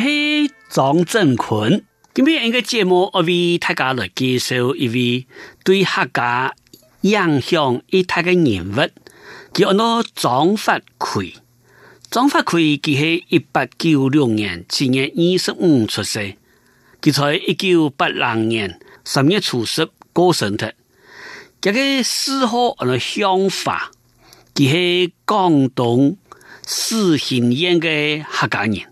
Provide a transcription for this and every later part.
係張振坤，今日一個節目，我為大家來介紹一位對客家影響一大的人物，叫喏，張發奎。張發奎佢係一八九六年七月二十五出生，佢在一九八零年十月初十過身脫。這個時候係喏，向華，佢係廣東始興縣嘅客家人。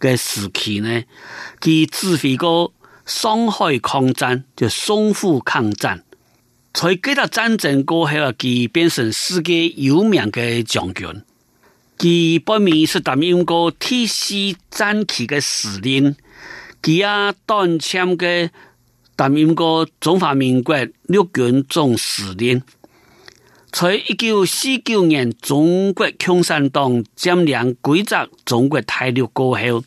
嘅時期呢，佢指揮過上海抗戰、就淞滬抗戰，在幾多戰爭過後，佢變成世界有名嘅將軍。佢本名是擔任過鐵血戰旗嘅司令，佢阿當簽嘅擔任過中華民國陸軍總司令。在一九四九年中國共產黨佔領貴州、中國大陸過後。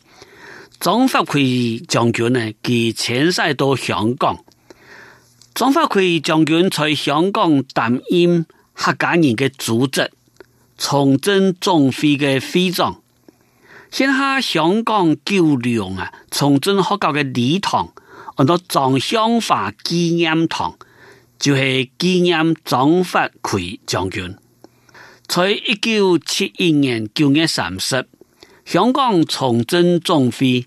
張發奎將軍呢，佢遷徙到香港，張發奎將軍在香港擔任客家人嘅組織，崇正總會嘅會長。現下香港九龍啊，崇正學校嘅禮堂，我到張向華紀念堂，就係、是、紀念張發奎將軍。在一九七一年九月三十，香港崇正總會，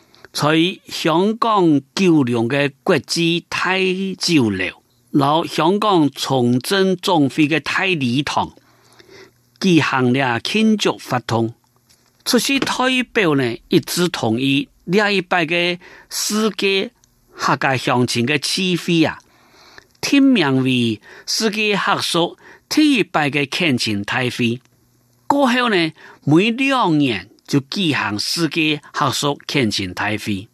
在香港九龍的國際大酒樓，然後香港崇正總會的大禮堂舉行了慶祝活動，出席代表呢，一致同意第一百嘅世界下屆鄉親嘅起飛啊，命名為世界客屬第一百嘅懇親大會，過後呢，每兩年。就舉行世界學術懇請大會，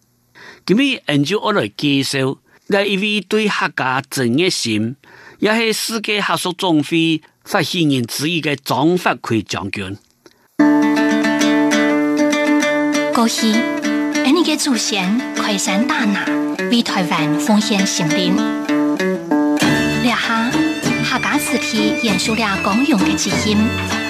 今日研究我來介紹，那一位對客家真熱心，也係世界學術總會發起人之一的張發奎將軍。過去，俺哋嘅祖先開山大拿，為台灣奉獻生命。留下客家子弟延續了光榮嘅基因。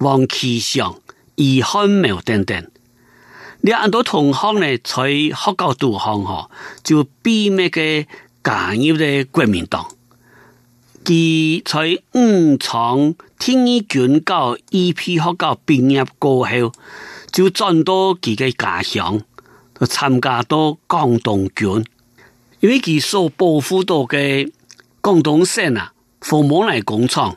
黃琪翔、余漢謀等等，啲咁多同行咧，在學校讀書嗬，就秘密噉加入了國民黨，伊在武昌天一軍校一批學校畢業過後，就轉到伊的家鄉，參加到廣東軍，因為伊所保護到的廣東省啊，父母來廣昌。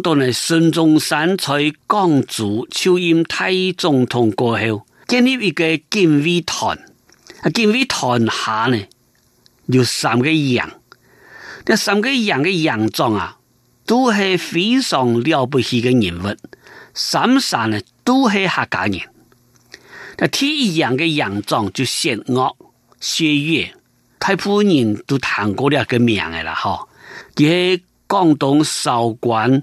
當年孫中山在廣州就任大總統過後，建立一個警衛團，警衛團下呢有三個營，這三個營的營長啊，都係非常了不起的人物，三上呢都係客家人，第一營的營長就係薛岳，薛岳，太普遍都談過了，個的了，這個名嘅啦，嗬，佢係廣東韶關。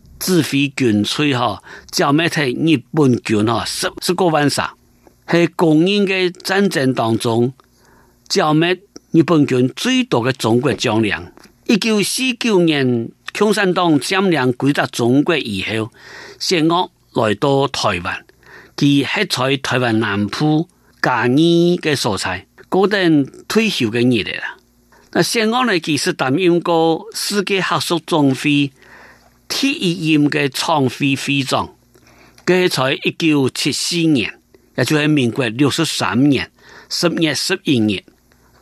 指揮軍吹嗬，就滅睇日本軍嗬十十個萬上，在抗日的戰爭當中，就滅日本軍最多的中國將領。一九四九年，共產黨佔領整個中國以後，向華來到台灣，其喺在台灣南部嘉義的所在，嗰陣退休的日子啦。那向華呢，其實擔任過世界客屬總會。第一任的創會會長，佢在一九七四年，也就係民國六十三年十月十一日。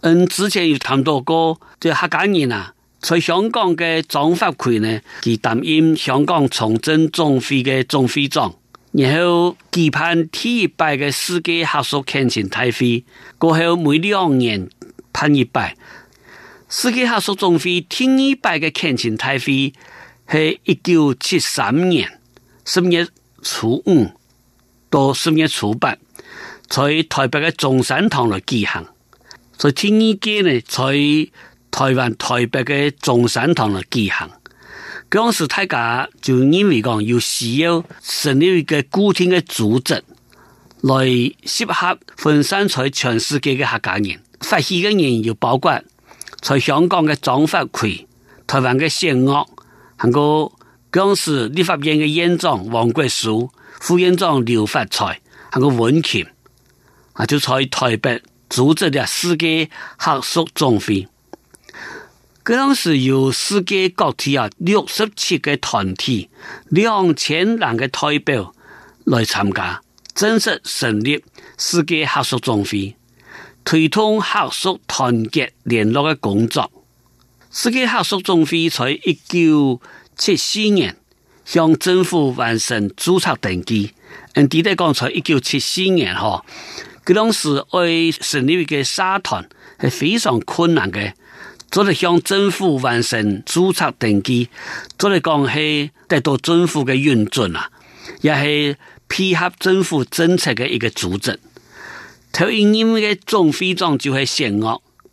嗯，之前有談到過，即係客家人啊，在香港的張發奎呢，佢擔任香港崇正總會的總會長，然後舉辦第一屆嘅世界客屬懇親大會，過後每兩年辦一屆，世界客屬總會第二屆嘅懇親大會喺一九七三年十月初五到十月初八，在台北嘅中山堂嚟舉行。在天機呢，在台灣台北嘅中山堂嚟舉行。當時大家就認為講有需要成立一個固定嘅組織，來適合分散在全世界嘅客家人，發起嘅人又包括在香港嘅張發奎、臺灣嘅謝奧。 韓國當時立法院的院長王國書、副院長劉發財，韓國文琴，權、啊，就在台北組織了世界學術總會。當時有世界各地啊六十七個團體，兩千人的代表來參加，正式成立世界學術總會，推動學術團結聯絡的工作。司機合宿總會在一九七四年向政府完成註冊登記，嗯，記得講在一九七四年哈，嗰當時去成立一個社團係非常困難嘅，即係向政府完成註冊登記，即係講係得到政府嘅允准啦，也係配合政府政策嘅一個組織。頭一任嘅總會長就係善惡。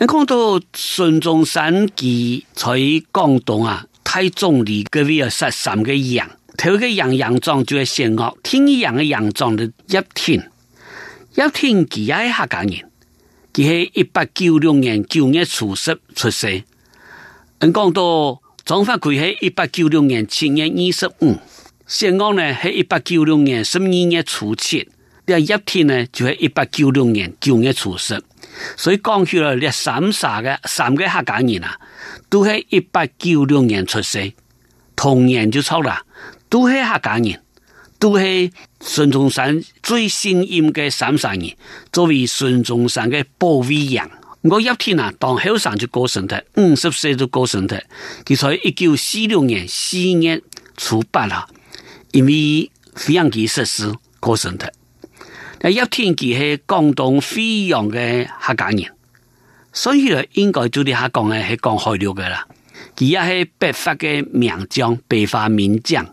你講到孫中山佢在廣東啊，太宗意嗰位又十三個楊，睇嗰個楊楊莊就係薛岳天一楊嘅楊莊嘅葉挺，葉挺佢喺客家人，佢係一八九六年九月初十出生。你講到張發奎係一八九六年七月二十五，薛岳呢係一八九六年十二月初七，但葉挺呢就係一八九六年九月初十。所以，講起來，咧，三個，三個客家人啊，都係一八九六年出世，同年就出啦，都係客家人，都係孫中山最信任嘅三三人，作為孫中山嘅保衛員。我一天呐、啊，當後生就過身的，五十歲就過身的。佢在一九四六年四月初八啦，因為飛機失事過身的。葉挺佢係廣東飛揚的客家人，所以呢應該做啲黑講嘅係講開了的啦。佢係北伐的名將，北伐名將。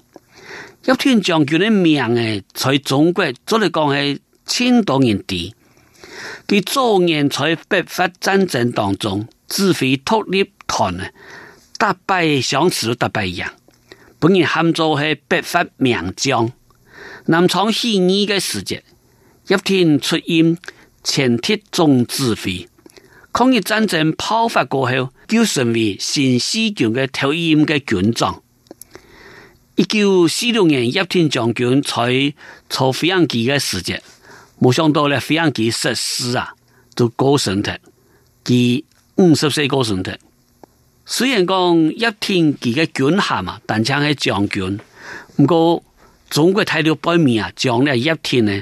葉挺將軍的名嘅，在中國做嚟講是千多年底，佢早年在北伐戰爭當中指揮獨立團啊，打敗湘師，打敗人，本然漢族是北伐名將。南昌起義的時節，葉挺出任，前敵總指揮，抗日戰爭爆發過後，就成為新四軍的頭一任的軍長。一九四六年，葉挺將軍在坐飛機的時節，沒想到呢飛機失事啊，就過身咗，佢五十歲過身咗。雖然講葉挺佢嘅軍銜啊，但請係將軍。不過，中國態度不明，啊，將呢葉挺呢？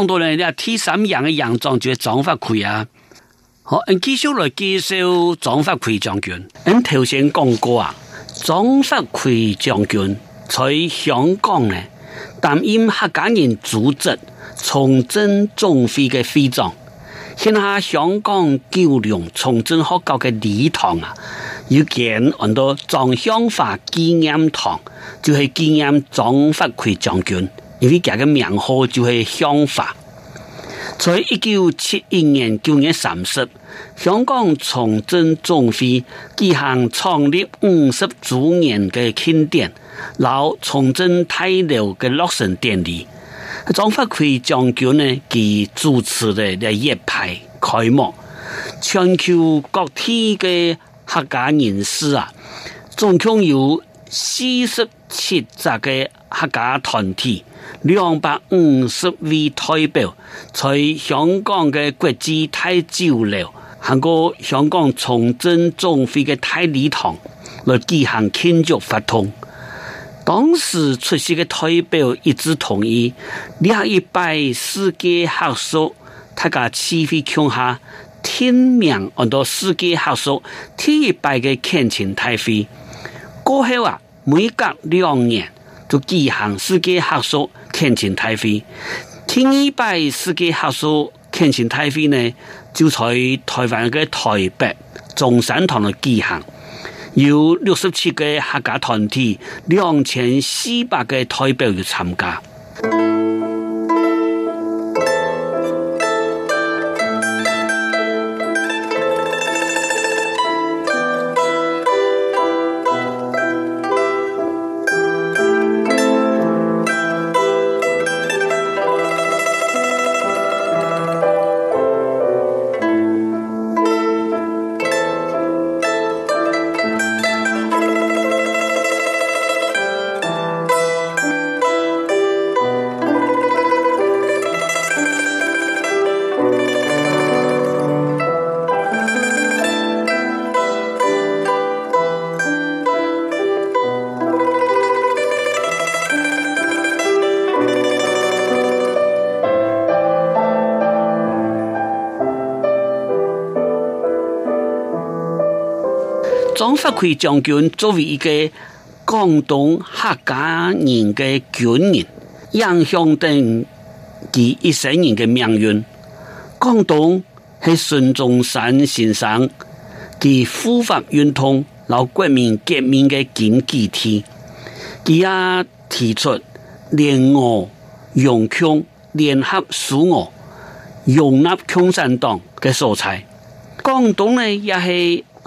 講到咧，啲鐵天神人嘅人就係張發奎啊！好，咁繼續來介紹張發奎將軍。咁頭先講過啊，張發奎將軍喺香港咧，擔任客家人組織崇正總會嘅會長。現下香港九龍崇正學校的禮堂啊，有建很多張向華紀念堂，就係紀念張發奎將軍。因為家個名號就係向華，在一九七一年九月三十，香港崇正總會舉行創立五十周年嘅慶典，老崇正太老嘅落成典禮，張發奎將軍呢，佢主持嘅一派開幕，全球各地嘅客家人士啊，總共有四十七個客家團體。兩百五十位代表在香港的國際大酒店、韓國香港重振總會的大禮堂嚟舉行慶祝活動。當時出席的代表一致同意，廿、啊、一百四間合數，大家齊飛簽下天命，好多四間合數，第一百嘅開全大會。過後啊，每隔兩年。就舉行世界客屬懇親大會。第一屆世界客屬懇親大會呢，就在台灣的台北中山堂嚟舉行，有六十七個客家團體，兩千四百個代表嚟參加。張將軍作為一個廣東客家人的軍人，影響到佢一生人嘅命運。廣東係孫中山先生嘅護法運動、老國民革命嘅根據地，佢啊提出聯俄、容共、聯合蘇俄、容納共產黨嘅素材。廣東呢，亦係。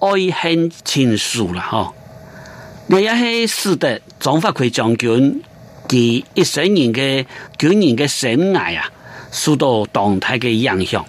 愛恨情仇了哈你、哦、一是識得，張發奎將軍，佢一世人的軍人的生涯啊，受到當代的影響。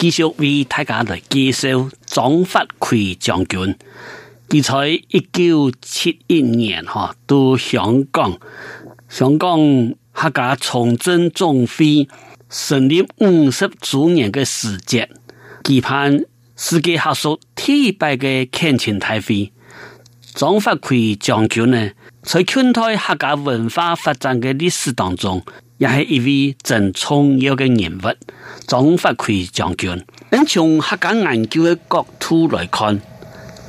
繼續為大家嚟介紹張發奎將軍。佢在一九七一年哈到香港，香港客家崇正總會，成立五十周年嘅時節，期盼世界學術天拜嘅懇親大會。張發奎將軍呢，在近代客家文化發展嘅歷史當中。也係一位真重要嘅人物，張發奎將軍。從客家研究嘅角度來看，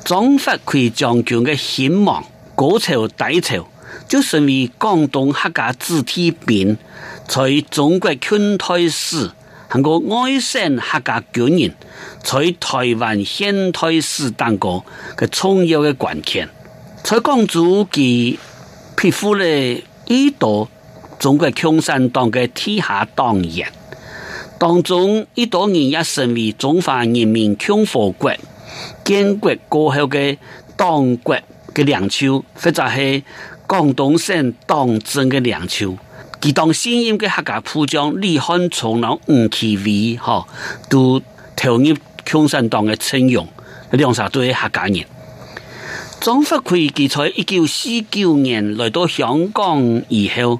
張發奎將軍嘅興亡、古朝、代朝，就成為廣東客家子弟兵在中國近代史、上嘅外省客家軍人，在台灣現代史當個嘅重要嘅關鍵。在江祖記皮膚呢呢度。中國共產黨的地下黨員當中，好多人也成為中華人民共和國建國過後嘅黨國嘅領袖，或者係廣東省黨政嘅領袖。其中新任嘅客家浦江李漢崇老吳啟偉，哈都投入共產黨嘅陣營，兩下都係客家人。張發奎佢在一九四九年來到香港以後。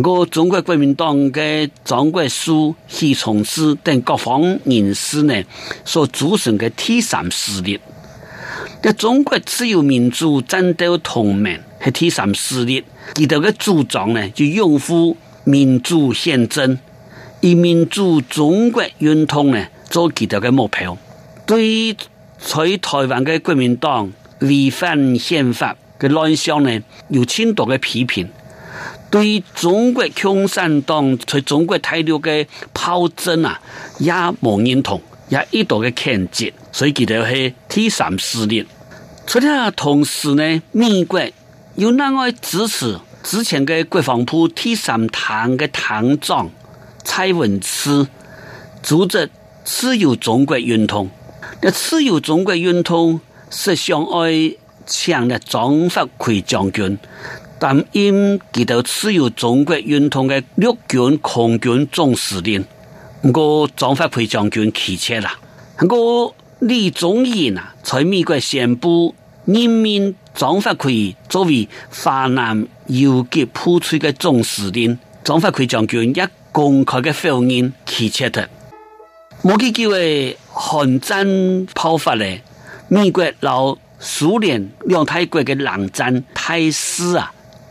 個中國國民黨嘅張國樞、習從之等各方人士呢，所組成嘅第三勢力，嘅中國自由民主戰鬥同盟係第三勢力，佢哋嘅主張呢，就擁護民主憲政，以民主中國運動呢做佢哋嘅目標，對於在台灣嘅國民黨違反憲法嘅亂象呢，有諸多嘅批評。對中國共產黨在中國大陸的炮鎮啊，也冇認同，也一度的譴責。所以佢就是第三勢力。與此同時，呢，美國又哪外支持之前的國防部第三堂的堂長蔡文思組織自由中國運動，呢自由中國運動是向外搶的張發奎將軍。但因佮到持有中國運通的陸軍空軍,重軍總司令、啊，唔過張發奎將軍棄車了。唔過李宗仁呐，在美國宣布任命張發奎作為華南游擊部隊的總司令，張發奎將軍也公開嘅否認棄車了。莫記幾位韓戰爆發咧，美國佬蘇聯兩大國的冷戰態勢啊。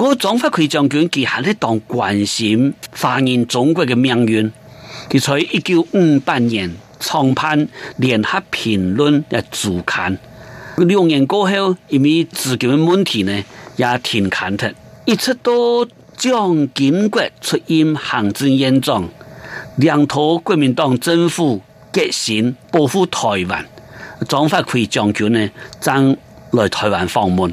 我張發奎將軍旗下呢檔關心反映中國的命運，佢在一九五八年創辦聯合評論嘅主刊。兩年過後，因為資金問題呢，也停刊咗。一直到蔣經國出任行政院長，兩套國民黨政府決心保護台灣，張發奎將軍呢，將來台灣訪問。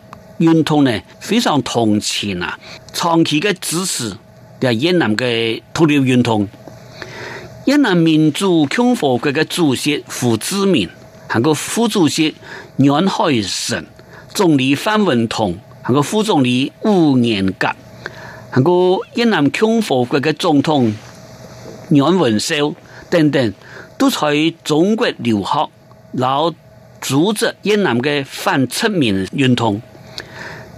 運動呢，非常同情啊！長期的支持啊越南的獨立運動，越南民主共和國的主席胡志明，還有副主席阮海臣、總理范文同，還有副總理武元甲，還有越南共和國的總統阮文紹等等，都在中國留學，然後組織越南的反殖民運動。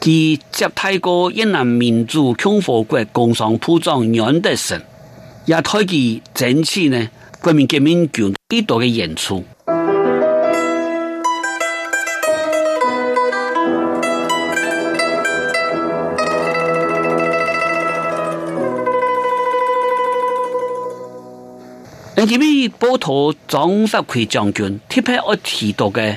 佢接替過越南民主共和國工商部長阮德勝，也推佢整次呢國民革命軍一隊嘅演出。你知唔知波多張發奎將軍特別愛提到的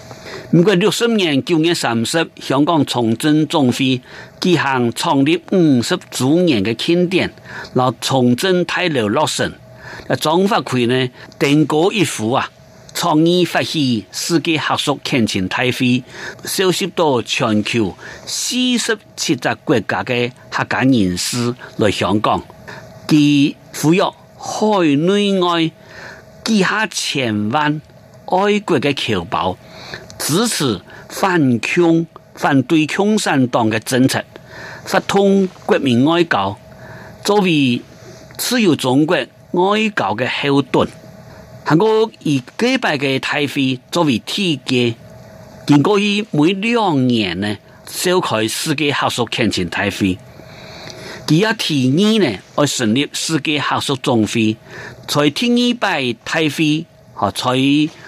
民國六十年九月三十日，香港崇正總會舉行創立五十周年的慶典，老崇正太老落成，張發奎呢登高一呼啊，倡議、啊、發起世界客屬懇親大會，召集到全球四十七個國家的客家人士來香港，佢呼籲海內外旗下千萬愛國僑胞。支持反共、反對共產黨嘅政策，發動國民愛國，作為自由中國愛國嘅後盾。韓國以幾百個大會作為契機，經過以每兩年呢召開世界學術懇親大會，佢一第二呢，我成立世界學術總會，在第二屆大會和在。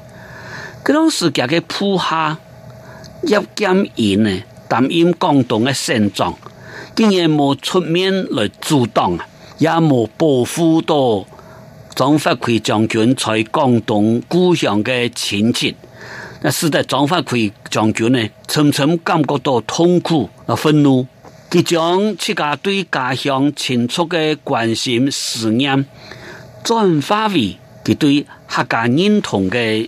這種事件的鋪下，葉劍英呢，擔任廣東嘅省長，竟然冇出面來阻擋，也冇保護到張發奎將軍在廣東故鄉的親戚。使得張發奎將軍呢，常常感覺到痛苦和憤怒。佢將自家對家鄉親疏的關心思念，轉化為佢對客家認同的。